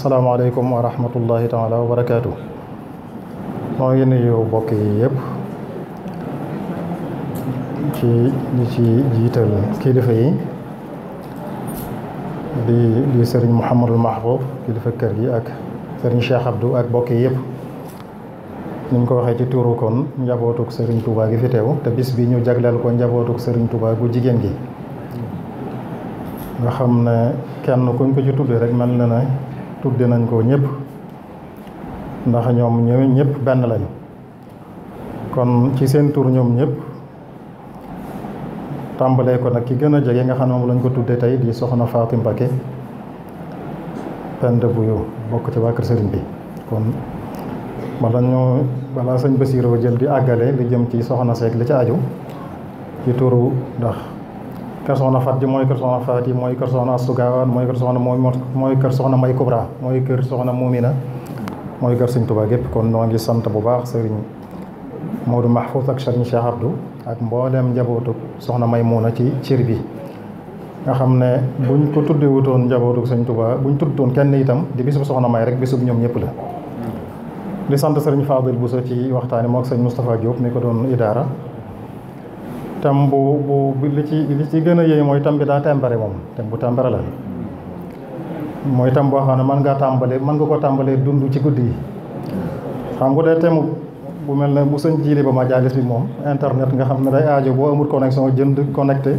asalaamaaleykum wa rahmatullahi taala wa barakaatu moo ngi nuyu mbokk yi yépp ci ñi ci jiital kilifa yi di di sëriñ Mouhamadul Mahbub kilifa kër gi ak sëriñ Cheikh Abdou ak mbokk yépp yëpp ñu ko waxee ci tuuru kon njabootuk sëriñ Touba gi fi teew te bis bi ñu jagleel ko njabootuk sëriñ Touba gu jigéen gi nga xam ne kenn kuñ ko ci tudd rek mel na ne tudde nañ ko ñëpp ndax ñoom ñoom ñëpp benn lañ kon ci seen tur ñoom ñëpp tàmbalee ko nag ki gën a jege nga xam ne moom lañ ko tudde tey di soxna Faati Mbakke bu Buyo bokk ci waa sëriñ bi kon bala ñoo balaa sëñ Basiiroo jël di àggale li jëm ci soxna seeg li ci aju ci turu ndax kër soxna Faty mooy kër soxna Faty mooy kër soxna Astou Gawane mooy kër soxna moom mooy kër soxna May Kubra mooy kër soxna Mumina mooy kër sañ tubaa gépp kon noo ngi sant bu baax sëriñ Modou Mahfouz ak sëriñ Cheikh Abdou ak mboolem njabootu soxna may Maymuna ci cir bi nga xam ne buñ ko tuddee wutoon njabootu sëñ Tuubaa buñ tuddoon kenn itam di bisub soxna May rek bisub ñoom ñëpp la mm. di sant sëriñ bu Bousso ci waxtaani moo ak sëñ Moustapha Diop mi ko doon idaara tam bu bu li ci li ci gën a yéy mooy tam bi daa tàmbare moom tam bu tàmbare la mooy tam boo xam ne mën ngaa tàmbalee mën nga ko tàmbalee dund ci guddi yi xam nga dee temu bu mel ne bu sëñ jiili ba ma majaalis bi moom internet nga xam ne day aajo boo amul connexion jënd connecté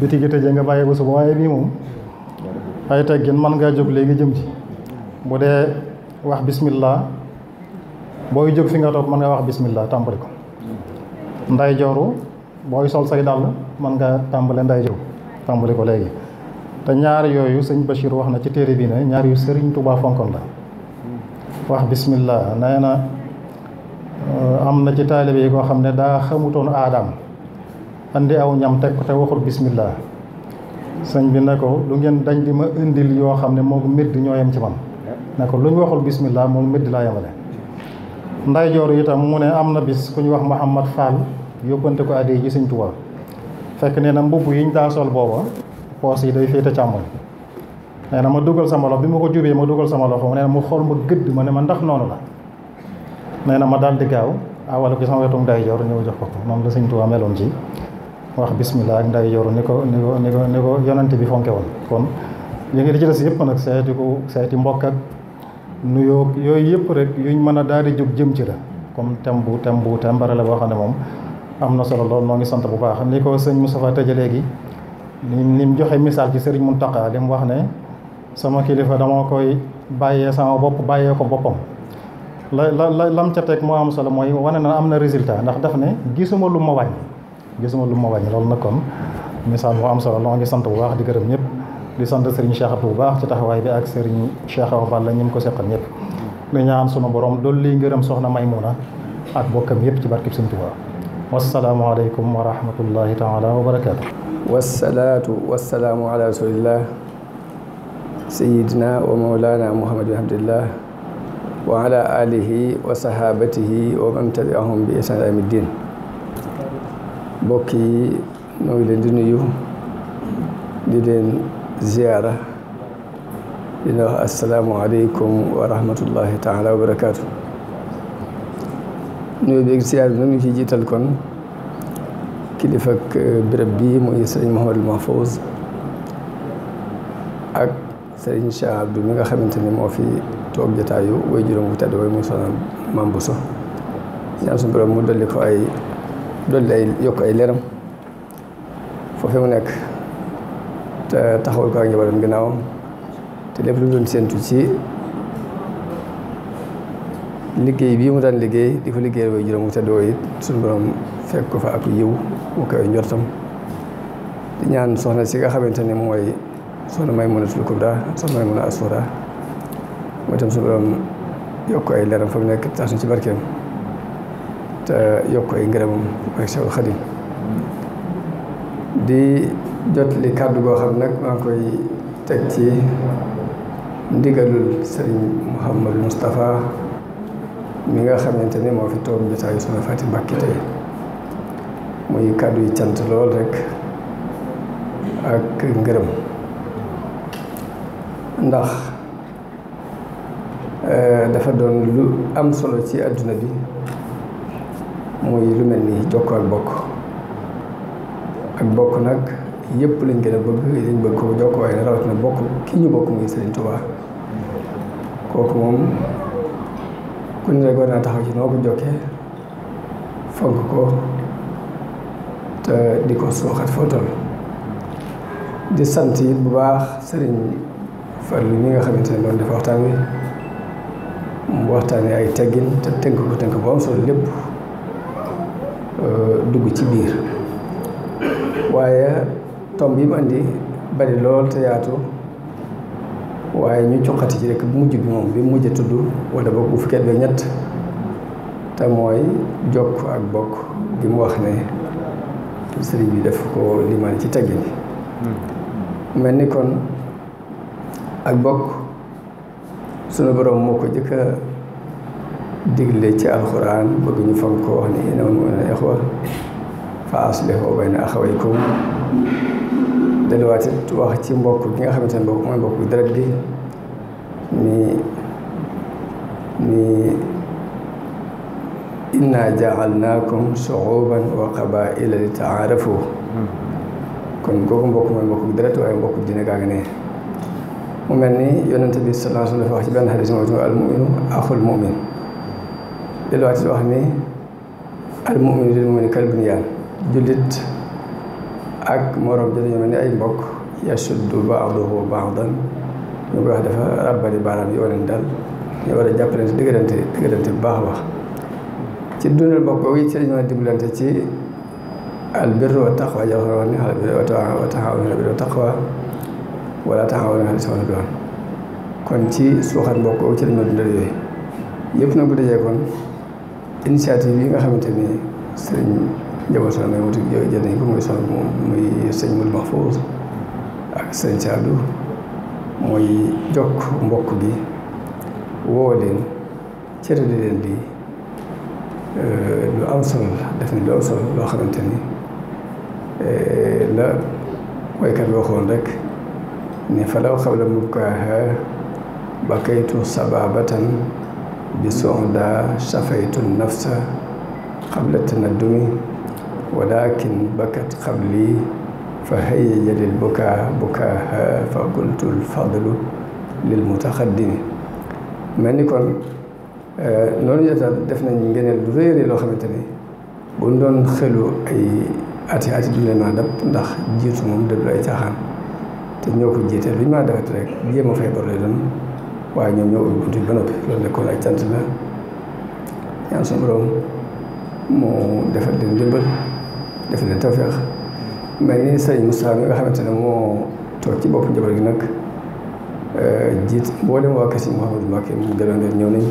biti gi tëjee nga bàyyi ba suba waaye bii moom ay teggin mën ngaa jóg léegi jëm ci bu dee wax bismillah booy jóg fi nga toog mën nga wax bismillah tàmbali ko nday booy sol say dàll mën nga tàmbale nday jëw ko léegi te ñaar yooyu sëñ wax na ci téere bi ne ñaar yu sëriñ Touba fonkoon la wax na euh, am na ci taalibe yi koo xam ne daa xamutoon aadaam andi aw ñam te waxul bismillah sëñ bi ne lu ngeen dañ di ma indil yoo xam ne moom medd ñoo yem ci man ne ko lu ñu waxul bismillah moom laa yemale mu ne am na bis ku ñu wax Mouhamad Fall yóbbante ko addiya ji sëñ Tuubaa fekk nee na mbubb yi ñu daa sol booba poos yi day féete càmmoñ nee na ma dugal sama loxo bi ma ko jubee ma dugal sama loxo nee mu xool ma gëdd ma ne ma noonu la nee na ma daal di gaaw awale ko sama ndayjoor day ñëw jox ko ko moom la sëñ Tuubaa meloon ci wax bismillah ak nday ni ko ni ko ni ko ni bi fonke woon kon li nga di ci des yëpp nag seeti ko seeti mbokk ak nuyoo yooyu yëpp rek yuñ mën a daal di jóg jëm ci la comme thème bu thème bu thème bare la boo xam ne moom am na solo lool noo ngi sant bu baax ni ko sëñ Moustapha tëjee léegi ni mu joxe misaal ci sëriñ Mountakha li mu wax ne sama kilifa dama koy bàyyee sama bopp bàyyee ko boppam la la la lam ca teg moo am solo mooy wane na am na résultat ndax daf ne gisuma lu ma wàññi gisuma lu ma wàññi loolu nag kon misaal moo am solo noo ngi sant bu baax di gërëm ñëpp di sant sëriñ Cheikh bu baax ci taxawaay bi ak sëriñ Cheikh Awa Balla ñi mu ko seqal ñëpp di ñaan sunu borom dool lii ngërëm soxna Maymuna ak bokkam yëpp ci barkib sëñ wasalaamualeykum wa rahmatullahi taala wa barakaatu wasalaatu wasalaamu ala rasulillah sayidina wa maulana muhammadin abdillah wa ala alihi wa sahabatihi wa man tabiahum bi ihsan ila yawmiddin mbokk yi ñoo ngi leen di nuyu di leen ziyaara dina wax asalaamualeykum wa rahmatullahi taala wa barakaatu nuyoo bi ak siyaar bi nag ñu ciy jiital kon kilifa ak euh, béréb bii muy sëriñ Mouhamadou Mahfouz ak sëriñ Cheikh Abdou mi nga xamante ni moo fi toog jotaayu way mu bu tedd way muy soxna Mame Bousso ñaan suñu mu dolli ko ay dolli ay yokk ay leeram foofu mu nekk te taxawal ko ak njabootam ginnaawam te lépp lu si séentu liggéey bii mu daan liggéey di ko liggéeyal way juróom wu teddoo fekk ko fa ak yiw wu koy njortam di ñaan soxna si nga xamante ne mooy soxna Maymunatul Kubra soxna Maymuna Asura moo itam suñu borom yokk ay leeram fa mu nekk tax suñ ci barkeem te yokk ay ngërëmam ak Seexul Xadim di jot li kàddu goo xam nag maa koy teg ci ndigalul Sëriñ Mouhamadou mu nga xamante ni moo fi toog jotaayu soxna Faty Mbacké tey muy kàddu yi cant lool rek ak ngërëm ndax eh, dafa doon lu am solo ci àdduna bi muy lu mel ni jokkoo ak bokk ak bokk nag yëpp lañ gën a bëgg lañ bëgg ko jokkoo waaye rawatina bokk ki ñu bokk muy Serigne Touba kooku moom ku ne war naa taxaw ci noo ko jokkee fonk ko te di ko suuxat foo toll di sant bu baax sëriñ Fallu ñi nga xamante ne loolu dafa waxtaan wi mu waxtaane ay teggin te tënk ko tënk bu am lépp dugg ci biir waaye tomb yi mu bari lool te yaatu waaye ñu cuqati ci rek bu mujj bi moom bi mujj tudd wala boog bu fukkee beeg ñett te mooy jokk ak bokk bi mu wax ne sëriñ bi def ko limaan ci teggin hmm. mel ni kon ak bokk sunu borom moo ko jëkka digle ci alxuraan bëgg ñu fonk ko wax ni innamal mu'minuuna ixwa fa aslihu bayna axawaykum delluwaat it wax ci mbokk gi xam xamante ne mooy mbokk bi deret gi ni ni inna jaalnaakum shuuban wa qabaila li taarafu kon kooku mbokk mooy mbokk bi deret waaye mbokk dina gaa ngi ne mel ni yonente bi sallallahu alayhi wa sallam dafa wax ci benn xadis moo tudd al muminu axul ni al ak morom ji dañoo mel ni ay mbokk yasuddu baaduhu baadan ñu koy wax dafa rabbali baaraam yi waleen daal ñu war a jàppalante dëgërante dëgërante bu baax a baax ci dundal mbokk boobu it ci dañu mën a dimbalante ci albirru wa taqwa wax ne al birri wa taawanu alal birri wa taqwa wala taawanu alal ismi wal udwaan kon ci suuxat mbokk boobu ci dañu mën a dundal yooyu yëpp nag bu dajee kon initiative yi nga xamante ni sëriñ jabootu na mu tudd yooyu jënd ak sëñ mooy jokk mbokk gi woo leen cërale leen di euh, lu am solo la def ni lu am solo loo xamante ni fa euh, waykat bi waxoon rek bakaytu sababatan bi sonda safaytu nafsa xabla tanaddumi walakin bakat qabli fa hayya lil bukaa bukaaha fa qultu al fadlu lil mutaqaddimi mel ni kon noonu jotaat def nañ ngeneel lu réeré loo xamante ni buñ doon xelu ay ati ati du leen maa dab ndax jiitu moom dëddu ay caaxaan te ñoo ko jiite luñ maa defet rek jéem a feebar lay doon ñoo ubbi bunt ba noppi loolu nekkoon ay cant la ñaan sa borom mu defal leen def na tawféex mel ni sëriñ Moussa nga xamante ne moo toog ci bopp njaboot gi nag euh, jiit boole waa Kassim Mouhamadou Mbacké mu jëloon ngeen ñëw nañ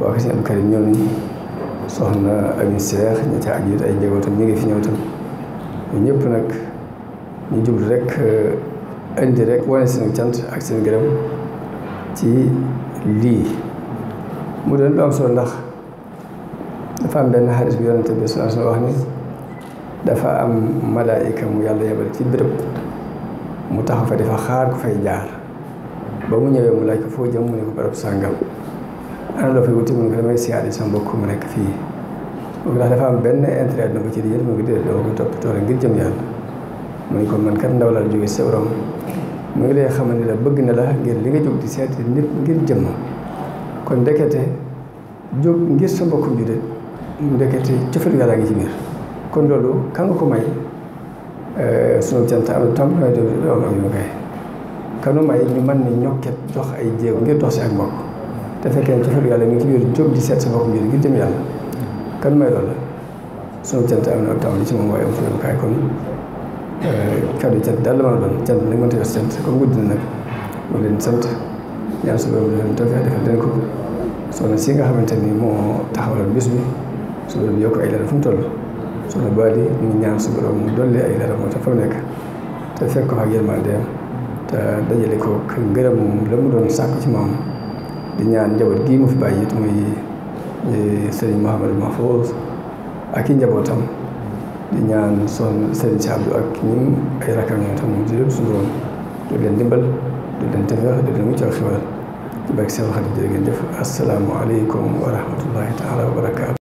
waa Kassim Abdou Karim ñëw nañ soxna Ami Seex ña ca aju ay njabootam ñu ngi fi ñëw tam ñëpp nag ñu jublu rek euh, indi rek wane seen cant ak seen gërëm ci lii mu doon lu am solo ndax dafa am benn xarit bi yonente bi sallallahu alayhi wa sallam wax ni dafa am malaayika mu yàlla yebal ci béréb mu taxaw fa dafa xaar ku fay jaar ba mu ñëwee mu laaj ko foo jëm mu ne ko barab sàngam ana loo fay wuti mu ne ko damay siyaare mu nekk fii mu ndax dafa am benn intérêt na ko ci yëpp mu ngi déedéet rek ngir jëm yàlla mu ne ko man ndaw laa jóge sa mu ngi lay xamal ne bëgg na la ngir li nga jóg di seeti nit ngir jëm kon ndekete jóg ngir sa mbokkum jullit ndekete cofeel yàlla ngi ci biir kon loolu kan nga ko may eh, sunu cant am tam ay def doom am ñu kay kanu may ñu mën ni ñokket jox ay jéego ngir dox si ak mbokk te fekkee ci fële yàlla mi ngi ci biir jóg di seet sa bopp am na tam ci moom waaye am fu kon eh, kaddu cant daal la mën a doon cant nag mënta yor cant na nag mu sant ñaan su boobu ko soxna si nga xamante ni moo taxawaloon bis bi su boobu yokk ay leer fu mu toll soxna Bali ñu ñaan su borom dolli ay leeram moo tax fa mu nekk te fekk ko ak yërmande te dajale ko ngërëm la mu doon sàkk ci moom di ñaan njaboot gii mu fi bàyyi it muy sëriñ Mouhamadou Mahfouz ak i njabootam di ñaan son sëriñ si Abdou ak ñun ay rakkam ñoom tam di leen suñu borom di leen dimbal di leen tefeex di leen muccal xiwal ci barke seen xarit jërë ngeen